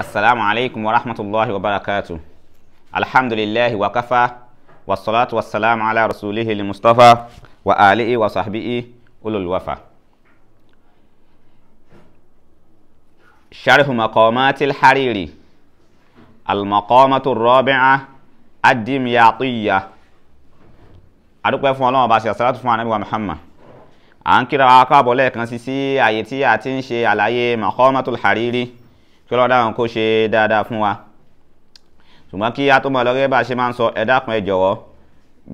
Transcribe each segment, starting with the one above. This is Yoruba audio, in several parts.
السلام عليكم ورحمة الله وبركاته الحمد لله وكفى والصلاة والسلام على رسوله المصطفى وآله وصحبه أولو الوفا شرح مقامات الحريري المقامة الرابعة الدمياطية adúpẹ́ fún ọlọ́run ọba ṣe àṣàlátù محمد anábíwá muhammad à ń kíra wa káàbọ̀ lẹ́ẹ̀kan sí sí àyè tí a ti ń ṣe àlàyé maqamatul hariri kí ọlọ́dà wọn kó ṣe dáadáa fún wa ṣùgbọ́n kí a tó mọ̀ lọ́rẹ́ bá ṣe máa ń sọ ẹ dákun ẹ jọ̀wọ́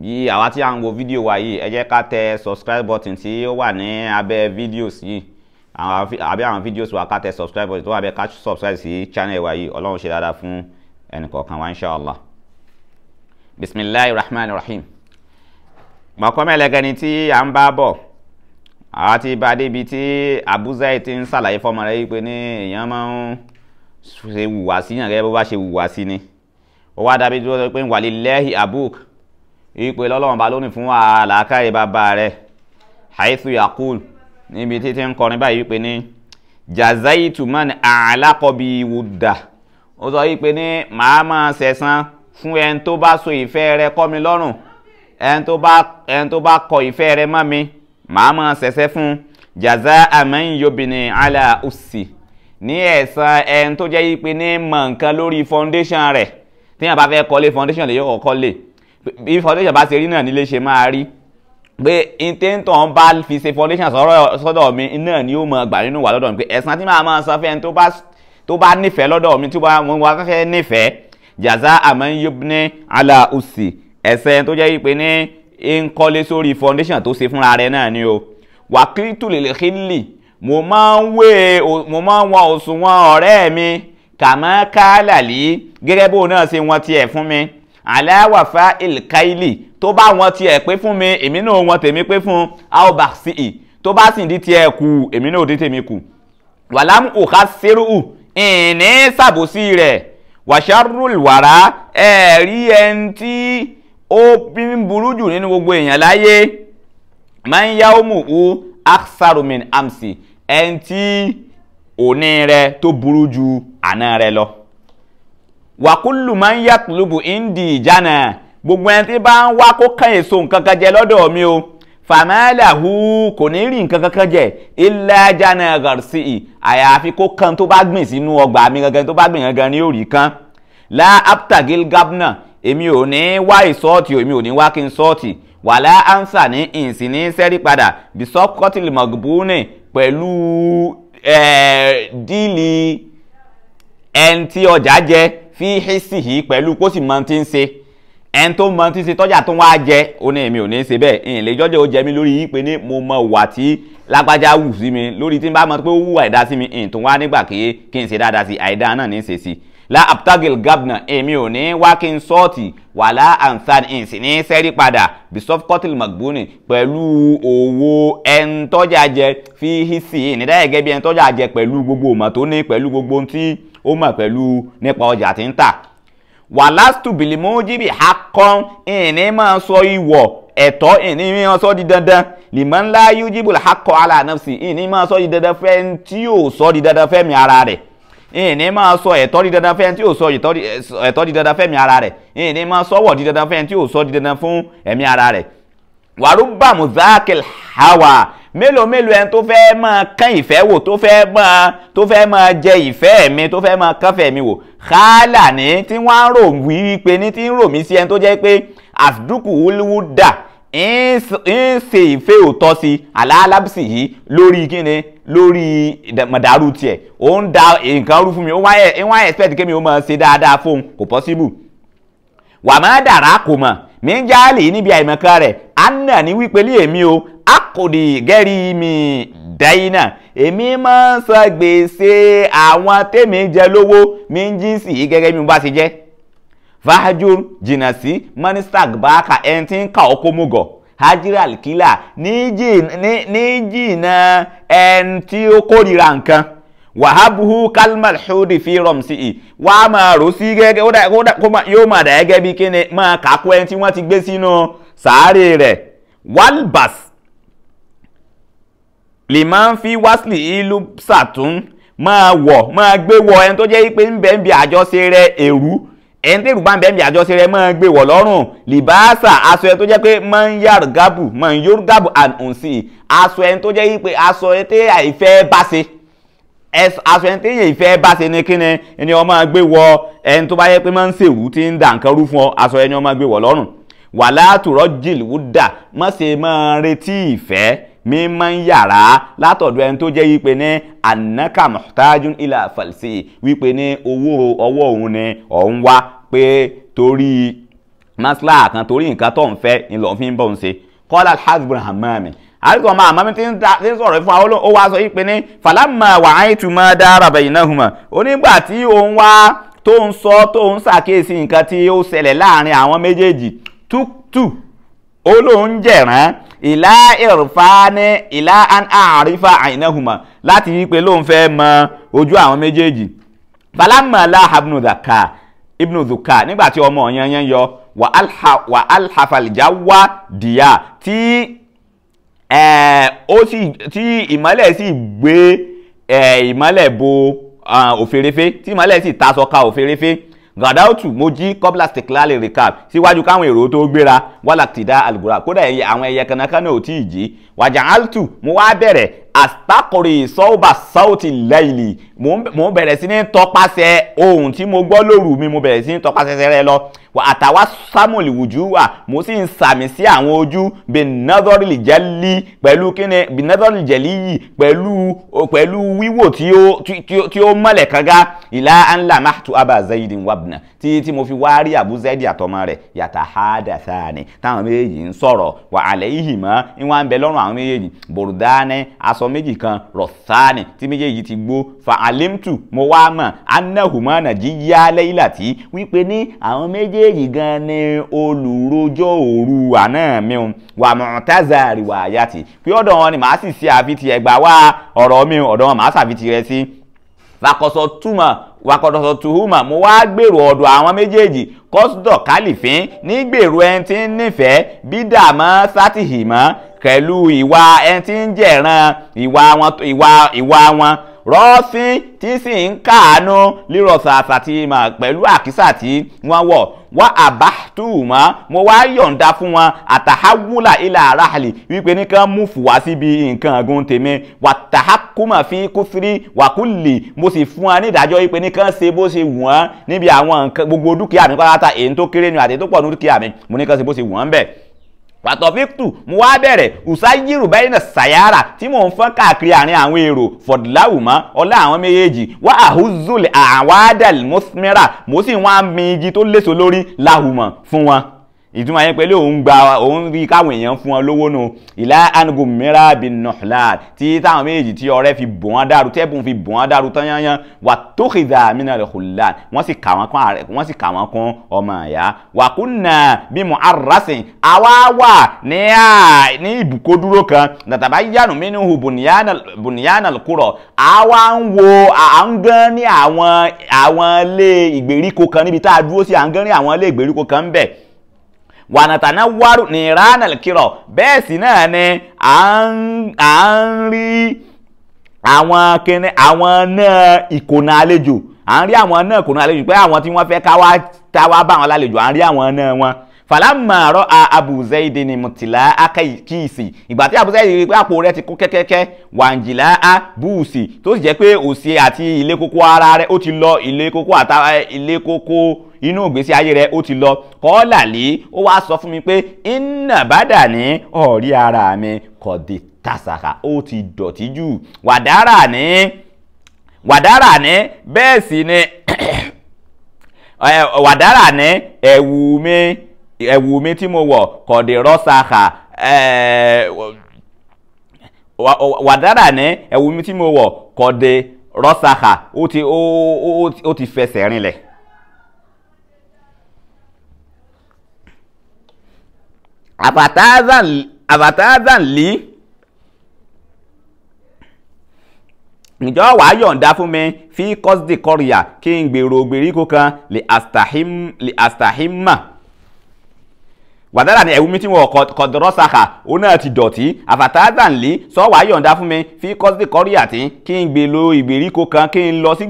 bí àwa tí a ń wo fídíò wa yìí ẹ jẹ́ ká tẹ subscribe button tí ó wà ní abẹ́ fídíòs yìí àbí àwọn fídíòs wa ká tẹ subscribe button tó wà bẹ́ẹ̀ ká subscribe sí channel wa yìí ọlọ́run ṣe dáadáa fún ẹnìkọ̀ọ̀kan wa inshàlá bisimilahi rahman rahim mọ̀kọ́mẹ́lẹ́gẹ́ ni tí a ń bá bọ̀ àwa ti bá débi tí Abu ti ń ṣàlàyé fọmọ rẹ̀ yìí pé ní èèyàn máa ń ṣe wùwà sí yàn gẹ́gẹ́ bó bá ṣe wùwà sí ni ó wá dàbí tí wọ́n sọ pé ń wàlí lẹ́hìn abuk ìpè lọ́lọ́run bá lónìí fún àlàkàyè bàbá rẹ̀ haithu yakul níbi títí ń kọrin báyìí wípé ní jazaitu man alaqobi wudda ó sọ wípé ní màá máa ṣẹ̀san fún ẹni tó bá so ìfẹ́ rẹ̀ kọ́ mi lọ́rùn ẹni tó bá kọ ìfẹ́ rẹ̀ mọ́ mi màá máa ṣẹ̀ṣẹ̀ fún jaza aman yobini ala usi ní ẹ̀sán ẹn tó jẹ́ yípe ní mọ̀ nǹkan lórí foundation rẹ̀ tí yàn bá fẹ́ kọ́lé foundation lè yọ̀ kọ́lé bí foundation bá ṣe rí náà nílé ṣe máa rí pé intanton bá fi ṣe foundation sọ́dọ̀ mi náà ni ó mọ̀ gbà nínú wà lọ́dọ̀ mi pé ẹ̀sán tí màá máa san fẹ́ tó bá nífẹ̀ẹ́ lọ́dọ̀ mi tí wọ́n wá fẹ́ nífẹ̀ẹ́ jàzá àmọ́ yóbní usi. ẹ̀sẹ̀ tó jẹ́ yípe ní ń kọ́lé sórí foundation tó ṣe fúnra rẹ̀ náà ni o wàkìtù lè lè xílì mo máa ń wé mo máa ń wọn òṣùwọ̀n ọ̀rẹ́ mi kàmọ́ kálàlí gẹ́gẹ́ bó náà ṣe wọn tiẹ̀ fún mi aláwàfà ilkaili tó bá wọn tiẹ̀ pé fún mi èmi náà wọn tèmi pé fún aobaxi tó bá sì di tiẹ̀ kù èmi náà di tèmi kù wàlámù òkà sẹ́rù ìní sàbòsí rẹ̀ wàṣàrùlùwàrà ẹ̀rí ẹni tí ó bí burú jù nínú gbogbo èèyàn láyé máa ń yá ó mú u aktharumin amsi ẹni tí òní rẹ tó burú ju àná rẹ lọ. wàkúlù máa ń yàtúlùbù indi ìjànà gbogbo ẹni tí bá ń wá kó kàn èso nǹkan kan jẹ lọ́dọ̀ mi o fàmẹ́lẹ̀hu kò ní rí nǹkan kankan jẹ ilẹ̀ jana garci àyàfi kó kan tó bá gbìn sínú ọgbà mi gangan tó bá gbìn gangan ni yóò kan la aptagil gabna èmi ò ní wá ìsọ́ọ̀tì èmi ò ní wá kí n sọ́ọ̀tì wàlá ansa ní ìsìn ní sẹ́rí padà bisọ́kọ́tìlì mọ̀gbúnì pẹ̀lú díìlì ẹni tí ọjà jẹ fi hísì yìí pẹ̀lú kó sì mọ ti ń ṣe ẹni tó mọ ti ń ṣe tọ́jà tó wá jẹ ó ní èmi ò ní ṣe bẹ́ẹ̀ ìyìn lè jọ́jọ́ ó jẹ mí lórí yìí pé ní mo mọ wà tí lágbájá wù sí mi lórí tí n bá mọ pé ó wù àìdá sí mi ìyìn wá nígbà kí n ṣe dáadáa sí àìdá náà ní ṣe sí i la abtagil gabna èmi ò ní wákin sọ́ọ̀tì wàlá ansan ìsìn ní sẹ́rí padà bisof cottle magbuni pẹ̀lú owó ẹ̀ńtọ́jà jẹ fi hisi nídá gẹ́gẹ́ bí ẹ̀ńtọ́jà jẹ pẹ̀lú gbogbo òmà tó ní pẹ̀lú gbogbo tí ó mọ̀ pẹ̀lú nípa ọjà tí ń tà wàlásù bìlìmọ́jìbì akọ́n ìní máa sọ ìwọ̀ ẹ̀tọ́ ìní máa sọ di dandan lìmọ́nlá yújíbù akọ́ alànàfsì ìní máa sọ di dandan fẹ́ tí yóò sọ di dandan fẹ́mi ara rẹ̀ ìní máa sọ ẹ̀tọ́ di dandan fẹ́ni tí ò sọ ẹ̀tọ́ di dandan fẹ́mi ara rẹ̀ ìní máa sọ́wọ́ di dandan fẹ́ni tí ò sọ di dandan fún ẹ̀mí ara rẹ̀ wàrúbà muzakil hawa mélòó mélòó ẹni tó fẹ́ máa kán ìfẹ́ wò tó fẹ́ máa tó fẹ́ máa jẹ ìfẹ́ mi tó fẹ́ máa kánfẹ́ mi wò xaala ní tí wọ́n á rò wí pé ní tí ń rò mí sí ẹni tó jẹ́ pé àdúkù wúlúwú dà ń ṣe ìfẹ́ òótọ́ sí aláàlábìsì yìí lórí kíni lórí mọ̀dàrú tiẹ̀ ó ń da nǹkan rú fún mi ó wá expect kémi ó máa ṣe dáadáa fóun kò possible wàmọ́ dàrá kò mọ̀ mí ń jáàlì níbi àìmọ̀kan rẹ̀ anna ní wípé lé èmi o akòdì gẹ́rì mi dẹ́yìnà èmi máa ń san gbèsè àwọn tèmi jẹ lówó mi ń jí sí gẹ́gẹ́ bí mo bá ṣe jẹ́ fahajur Jinasi sí manistak báàkà ka tí ń kà ọ́ kó mú gọ̀ hajira alkila ní na ẹni tí ó kórìíra wàhábùhù kalmal hudi fi rọmsì ì wà á máa rò sí gẹ́gẹ́ yóò máa dà gẹ́gẹ́ bí kíni máa kàkó ẹni tí wọ́n ti gbé sínú sàárè rẹ̀ walbas liman fi wasli ìlú sàtún máa wọ̀ máa gbé wọ̀ ẹni tó jẹ́ pé ń bẹ ń àjọṣe rẹ̀ èrú ẹni tẹ́rù bá ń bẹ́ẹ̀ bí àjọṣe rẹ máa ń gbé wọ̀ lọ́rùn libaasa aṣọ ẹni tó jẹ́ pé máa ń yàrá gábù máa ń yóò gábù àǹsì aṣọ ẹni tó jẹ́ pé aṣọ ẹni tẹ́ àìfẹ́ bá ṣe aṣọ ẹni tẹ́yìn ìfẹ́ bá ṣe ni kíni ẹni ó máa gbé wọ̀ ẹni tó bá yẹ pé máa ń ṣèrú tí ń dà nǹkan rú fún ọ aṣọ ẹni ó gbé wọ̀ lọ́rùn wàhálà àtúrọ̀ jìlú dà má ṣe máa retí ìfẹ́ mi máa ń yàrá látọ̀dọ̀ ẹni tó jẹ́ wípé ní anaka muhtajun ila falsi wípé ní owó ọwọ́ òun ni òun wá pé torí masla kan torí nǹkan tó ń fẹ́ ni lọ́n fi ń bọ̀ ń ṣe kọ́lá hasbun hamami àríkọ̀ máa mọ́mí tí ń sọ̀rọ̀ fún àwọn ó wá sọ yí pé ní falama wàáìtù máa dára bẹ̀yìn náà hùmà onígbà tí òun wá tó ń sọ tó ń ṣàkíyèsí nǹkan tí ó ṣẹlẹ̀ láàrin àwọn méjèèjì tútù olóhùn jẹ̀rán ìlà ìrfà ní ìlà àrífà àìnáhùmà láti yí pé lóun fẹ́ mọ ojú àwọn méjèèjì falama láhàbùnú dàkà ibnu duka nígbà tí ọmọ yẹn yẹn yọ wà alha wà alhafalija wá dìyà tí ẹ ó sì tí ìmọ́lẹ̀ sì gbé ẹ ìmọ́lẹ̀ bo òfèrèfé tí ìmọ́lẹ̀ sì ta sọ́ka òfèrèfé gàdáùtù mo jí kọ́bla stekilali rikab síwájú káwọn èrò tó gbéra wàlàkìdá alugura kódà àwọn ẹyẹ kanakánà ò tí ì jí wàjà altu mo wá bẹ̀rẹ̀ astakore sọ́ọ̀bà sáùtì lẹ́yìnì mo bẹ̀rẹ̀ sí ní tọpasẹ̀ ohun tí mo gbọ́ lóru mi mo bẹ̀rẹ̀ sí ní tọpasẹ̀ rẹ lọ àtàwa samuel wùjú wà mo sì ń sàmì sí àwọn ojú benazoril jẹ́lí pẹ̀lú kíni benazoril jẹ́lí yìí pẹ̀lú pẹ̀lú wíwò tí ó mọ̀lẹ̀ kanga ìlà anla mahtu abba zayidin wabna tí tí mo fi wá rí abu zayidi àtọmọ rẹ̀ yàtà hadathani táwọn méjèèjì ń sọ̀rọ̀ wà àlẹ́ àwọn méjèèjì bòrùdánẹ́ aṣọ méjì kan rọ̀sánì tí méjèèjì ti gbó fa alimtu mo wá mọ̀ anahumana jíyá lẹ́yìnlá tí wípé ní àwọn méjèèjì gan ni olùrojọ́ òru àná mi o wà mọ̀tàzà àríwá àyàtì pé ọ̀dọ̀ wọn ni màá sì ṣe àfitì ẹ̀gbà wá ọ̀rọ̀ mi ọ̀dọ̀ wọn màá ṣàfitì rẹ sí fàkọsọ túmọ̀ wàkọ̀dọ̀sọ̀ tuhuma mo wá gbèrò ọ̀dọ̀ àwọn méjèèjì kọ́sùdọ̀ kálífín ní gbèrò ẹni tí ń nífẹ̀ẹ́ bídà mọ́ sátìhì mọ́ pẹ̀lú ìwà ẹni tí ń jẹ̀ràn ìwà wọn ìwà ìwà wọn rọ́ọ̀sìn tí sì ń káàánú lírọ̀sà àsàtìmọ̀ pẹ̀lú àkísà tí wọ́n wọ̀ wá àbá túùmọ́ mo wá yọ̀ǹda fún wọn àtàháwùlà ilà àràlì wípé nìkan mú fùwá síbi nǹkan ọ̀gùn tèmi wàtàháp hakuma fi kufri wàkúlì mo sì fún wa ní ìdájọ́ yìí pé nìkan ṣe bó ṣe wù wọ́n níbi àwọn nǹkan gbogbo dúkìá mi pátá èyí tó kéré ni àti tó pọ̀ ní dúkìá mi mo nìkan ṣe bó ṣe wù wọ́n bẹ́ẹ̀ pàtọ́fíktù mo wá bẹ̀rẹ̀ usayiru bẹ́ẹ̀nà sayara tí mò ń fọ́n káàkiri àárín àwọn èrò fọ̀dùláwùmá ọlá àwọn méjèèjì wá àhúzùlẹ̀ àwádàl mọ́símẹ́rà mo sì wá ń gbin igi tó léso lórí láhùmọ̀ fún ìtumọ̀ yẹn pẹ̀lú òun gba òun rí káwọn èèyàn fún wọn lówó nù ìlà anugo mìíràn bíi nọ̀hlad tí táwọn méjèèjì tí ọrẹ́ fi bò wọ́n dàrú tẹ́bùn fi bò wọ́n dàrú tán yányán wà tókìdá mìíràn rẹ̀ hùlá wọ́n sì kà wọ́n kún ọmọ ẹ̀yà wà kúnnà bí mo arasin àwa wà ní ní ìbùkódúró kan nàtàbá yánu mínú hù bùnìyànà kúrọ̀ àwa ń wo à ń gán ní àwọn ilé ìgbèríko kan níbi tá a dúró sí à ń gán ní àwọn ilé ìgbèríko kan ń bẹ̀ wànàtàná wárù ní ránà kírọ̀ bẹ́ẹ̀ sì náà ni à ń rí àwọn kíni àwọn náà ìkònà àlejò à ń rí àwọn náà ìkònà àlejò pé àwọn tí wọ́n fẹ́ káwá táwá bá wọn lálejò à ń rí àwọn náà wọn falama rọ abuzaidi ni mutila aka kiisi ìgbà tí abuzaidi rí i pé àpò rẹ̀ ti kún kẹ́kẹ́kẹ́ wàǹjìlá a búùsì tó sì jẹ́ pé òsì àti ilé kókó ara rẹ̀ ó ti lọ ilé kókó àtà ilé kókó inú ìgbésí ayé rẹ̀ ó ti lọ kọ́ọ́là lé ó wá sọ fún mi pé iná bàdà ní ọ̀rí ara mi kọ̀dé tàṣàkà ó ti dọ̀tí jù wàdárà ní wàdárà ní bẹ́ẹ̀ sì ni wàdárà ní ẹ̀wù mi ẹ̀wù mi tí mo wọ̀ kọ̀dé rọ́ṣàkà wàdárà ní ẹ̀wù mi tí mo wọ̀ kọ̀dé rọ́ṣàkà ó ti fẹsẹ̀ rinlẹ̀ àbàtàdàn lí ǹjọ́ wàá yọ̀ǹda fún mi fi kọ́sìdì kọ́ríà kí n gbèrò gbèríko kan lè àstàhímà wàdàrà ni ẹ̀wù mi tí wọn kọ̀dọ̀rọ̀ sàkà òun náà ti dọ̀tí àfàtàdàn lé sọ wàá yọ̀ǹda fún mi fi kọ́sìtì kọ́ríyà tí kí n gbé lo ìgbèríko kan kí n lọ sí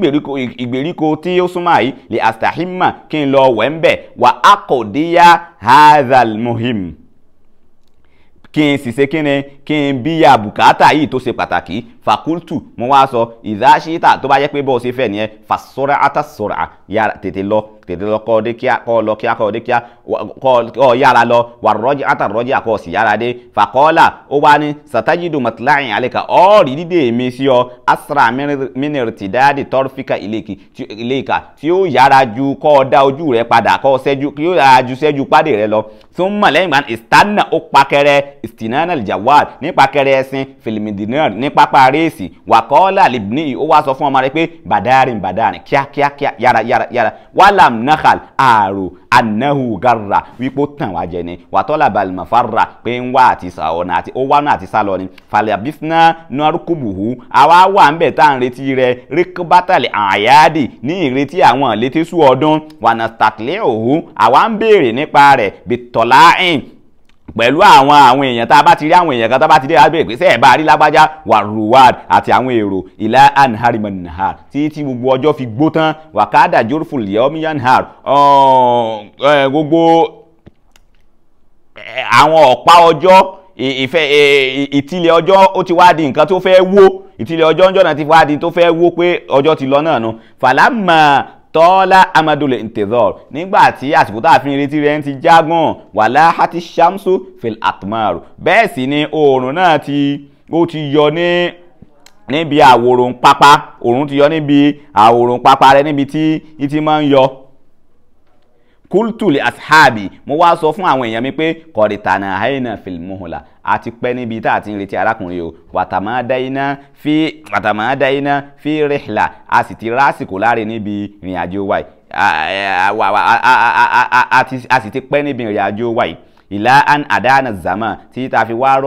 ìgbèríko tí ó súnmọ́ àyí lè àstàhímà kí n lọ wẹ̀ ń bẹ̀ wà á kò díyà hazal muhim kí n sì ṣe kí ni kí n bí ya bùkátà yìí tó ṣe pàtàkì fakultu mo wá sọ ìdáṣítà tó bá yẹ pé bọ́ọ̀ ṣe fẹ́ nìyẹn fasọ́ra átàsọ́ra yára tètè lọ tètè lọ kọ́ dé kíá kọ́ lọ kíá kọ́ dé kíá kọ́ yára lọ wà rọ́jì àtà rọ́jì àkọ́ sì yára dé fàkọ́ọ́là ó wá ní sàtájìdù mọ̀tìláyìn àlẹ́kà ọ́ọ̀rì dídè mi sí ọ asra mínírì tì dáàdì tọ́rọ̀fíkà ìlẹ́kà tí ó yára ju kọ́ dá ojú rẹ padà kọ́ sẹ́jú kí ó yára ju sẹ́jú pàdé rẹ lọ tún mọ̀ lẹ́yìn gbà ìstánà ó pakẹrẹ ìstìnánà jawad nípa kẹrẹ ẹsìn fìlìmìdìnnà ní pápá réèsì wàkọ́ọ́là libni ó wá sọ fún ọmọ rẹ pé bàdáàrin bàdáàrin kíákíákíá yára yára yára wàhálà amnahal ààrò anahu garra wípé ó tàn wá jẹ ni wàtọ́lá balmafarra pé ń wá àti sàọ̀nà àti ó wá náà àti sálọ ni falabifna narukubuhu àwa wà ń bẹ̀ tá à ń retí rẹ rikubatali ayadi ní ìretí àwọn ìletésù ọdún wanastatlẹ̀ àwa ń béèrè nípa rẹ̀ bitọ́láìn pẹ̀lú àwọn àwọn èèyàn tá a bá ti rí àwọn èèyàn kan tá a bá ti rí àbẹ̀rẹ̀ pé sẹ́ẹ̀ bá rí lágbájá wà ruwad àti àwọn èrò ìlà anhariman nahar títí gbogbo ọjọ́ fi gbó tán wàkádà jórfù lẹ́ọ́míyàn nahar gbogbo àwọn ọ̀pá ọjọ́ ìfẹ́ ìtìlẹ̀ ọjọ́ ó ti wá di nǹkan tó fẹ́ wó ìtìlẹ̀ ọjọ́ ń jọ̀nà ti wá di tó fẹ́ wó pé ọjọ́ ti lọ náà nu fàlámà tọ́lá amadule ntẹ̀dọ́r nígbà tí àsìkò tá a fi retí rẹ̀ ń ti jágùn wàlá hati shamsu fil atmaru bẹ́ẹ̀ sì ni oòrùn náà ti ó ti yọ ní níbi àwòrán pápá oòrùn ti yọ níbi àwòrán pápá rẹ níbi tí ti máa ń yọ kultu li ashabi mo wá sọ fún àwọn èèyàn mi pé kọ̀rìtànà àìnà fìlmùhùlà a ti pẹ́ níbi tá a ti ń retí arákùnrin o wàtàmọ́ dáiná fi wàtàmọ́ dáiná fi rihla a sì ti rásìkò láre níbi ìrìn àjò wa a sì ti pẹ́ níbi ìrìn àjò wa yìí ìlà an àdáàna zàmà tí tá fi wá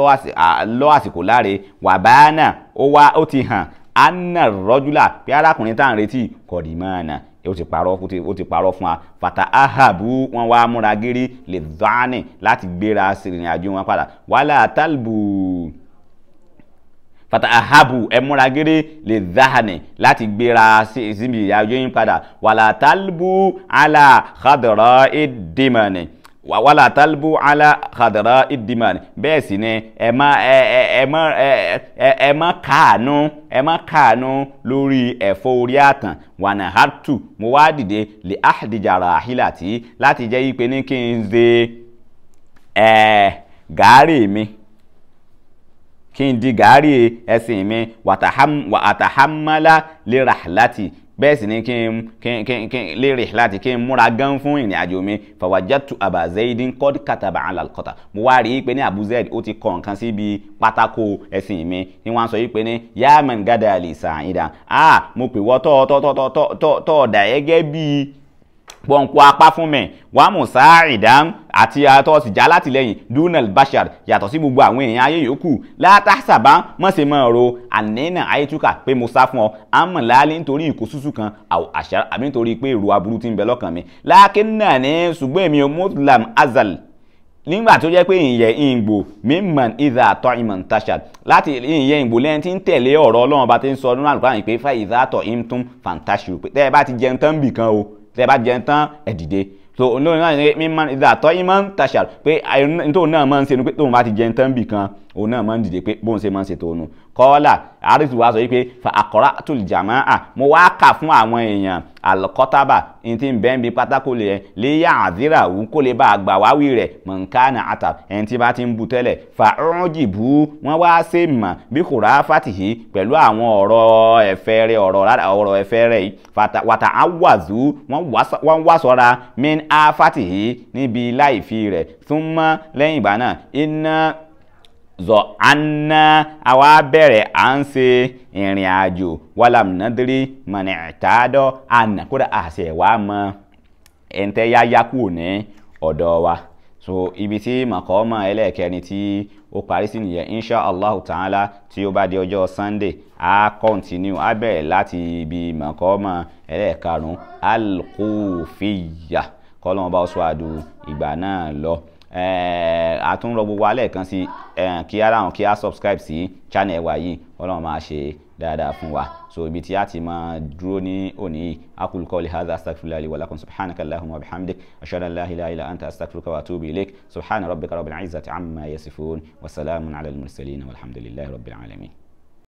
lọ àsìkò láre wàbáàna ó wá ó ti hàn anna rọ́júlà pé arákùnrin tá à ń retí kọ̀rìmọ́ọ̀nà ó ti parọ́ ó ti parọ́ fún wa fata ahabu wọn wá múra gírí lè dání láti gbéra sìrìn àjò wọn padà wàhálà tálbù fata ahabu ẹ múra gírí lè dání láti gbéra síbi àjò yín padà wàhálà tálbù àlà xadọ̀rọ̀ ìdìmọ̀ni wàhálà talibu ala khadara idiman bẹ́ẹ̀ sì ni ẹ má ẹ ẹ má ẹ ẹ má kàánú ẹ má kàánú lórí ẹ̀fọ́ orí àtàn wànà hàtù mo wá dìde lè àdìjàrà àhílàtì láti jẹ́ yí pé ní kí n ṣe ẹ̀ gàárì mi kí n di gàárì ẹ̀sìn mi wàtàhámálà lè rà láti bẹ́ẹ̀ sì ni kí n kí n kí n lérè láti kí n múra gan fún ìrìn àjò mi fàwájàtú àbàzẹ́yìdín kọ́d kàtàbà àlàkọ́tà mo wá rí i pé ní àbúzẹ́d ó ti kọ nǹkan síbi pátákó ẹ̀sìn mi ni wọ́n sọ yìí pé ní yáàmẹ̀n gádà lè sàn ìdá mo pè wọ́ tọ́ tọ́ tọ́ tọ́ tọ́ tọ́ ọ̀dà gẹ́gẹ́ bíi pọ̀npọ̀ apá fún mẹ́ wàá mú sáà ìdáhùn àti àtọ́sí já látìlẹ́yìn dunal bashar yàtọ̀ sí gbogbo àwọn èèyàn ayé yòókù látàṣàbá mọ̀sẹ̀ mọ̀ ro ànínà ayétúkà pé mo sá fún ọ àmọ̀ láálé nítorí ìkó súsù kan àṣà àbí nítorí pé èrò aburú ti ń bẹ lọ́kàn mi láàkín náà ní ṣùgbọ́n èmi muslim azal nígbà tó jẹ́ pé ìyẹ̀ ìgbò mímọ̀n ìdá àtọ̀ ìmọ̀n tashad láti ìyẹ̀ ìgbò lẹ́yìn tí ń tẹ̀lé ọ̀rọ̀ ọlọ́run bá ti ń sọ nínú àlùkò àyìn pé fa ìdá àtọ̀ ìmtún fantasio pé tẹ́ ẹ bá ti jẹun tán bì o tẹ́ bá jẹun tán ẹ dìde so olórin náà ní mímọ ìdàtọ́ yín máa ń tàṣà pé àìrùn tó náà máa ń ṣe ni pé tóun bá ti jẹun tán bì kan òun náà máa ń dìde pé bóun ṣe máa ń ṣe tòun kọ́ọ́là àrísù wa sọ wípé fa àkọ́rá tùlùjàmọ́ à mo wá kà fún àwọn èèyàn àlọ́kọ́tàbà ní ti ń bẹ́ẹ̀ bí pátákó lè yẹn léyà àdírà òun kó lè bá a gbà wáwí rẹ̀ mọ̀nkánà àtà ẹni tí bá ti ń bu tẹ́lẹ̀ fa ọ̀rọ̀jì bú wọ́n wá ṣe mọ̀ bí kò fàtìhí pẹ̀lú àwọn ọ̀rọ̀ ẹ̀fẹ́ rẹ̀ ọ̀rọ̀ ẹ̀fẹ́ rẹ̀ yìí wàtà áwàzú wọ́n wá sọ́ra mẹ́ni á fàtìhí níbi láìfi rẹ̀ súnmọ́ lẹ́yìn ìgbà iná zọ anna àwa bẹ̀rẹ̀ à ń ṣe ìrìn àjò wàlà mùnádírí mọ̀nì ìtàdọ́ àná kódà àṣẹ wa mọ ẹ̀ńtẹ́ yáyá kù ní ọ̀dọ̀ wa so ibi tí màkọ́mà ẹlẹ́ẹ̀kẹrin tí ó parí sí nìyẹn insha allah ta'ala tí ó bá di ọjọ́ sunday a continue a bẹ̀rẹ̀ láti ibi màkọ́mà ẹlẹ́ẹ̀karùn-ún alkufiyya kọ́lọ́mọba ọ̀ṣọ́ àdùn ìgbà náà lọ àtúnrọ eh, gbogbo alẹ́ kan sí eh, kí ara hàn kí a subscribe sí channel wa yìí ọlọ́run máa ṣe dáadáa fún wa so ibi tí a ti máa dúró ní òní yìí aqulu qawli hadha astaghfirullahi wa lakum subhanaka allahumma wa bihamdik ashhadu an la ilaha illa anta astaghfiruka wa atubu ilaik subhana rabbika rabbil izzati amma yasifun wa ala al mursalin walhamdulillahi rabbil alamin.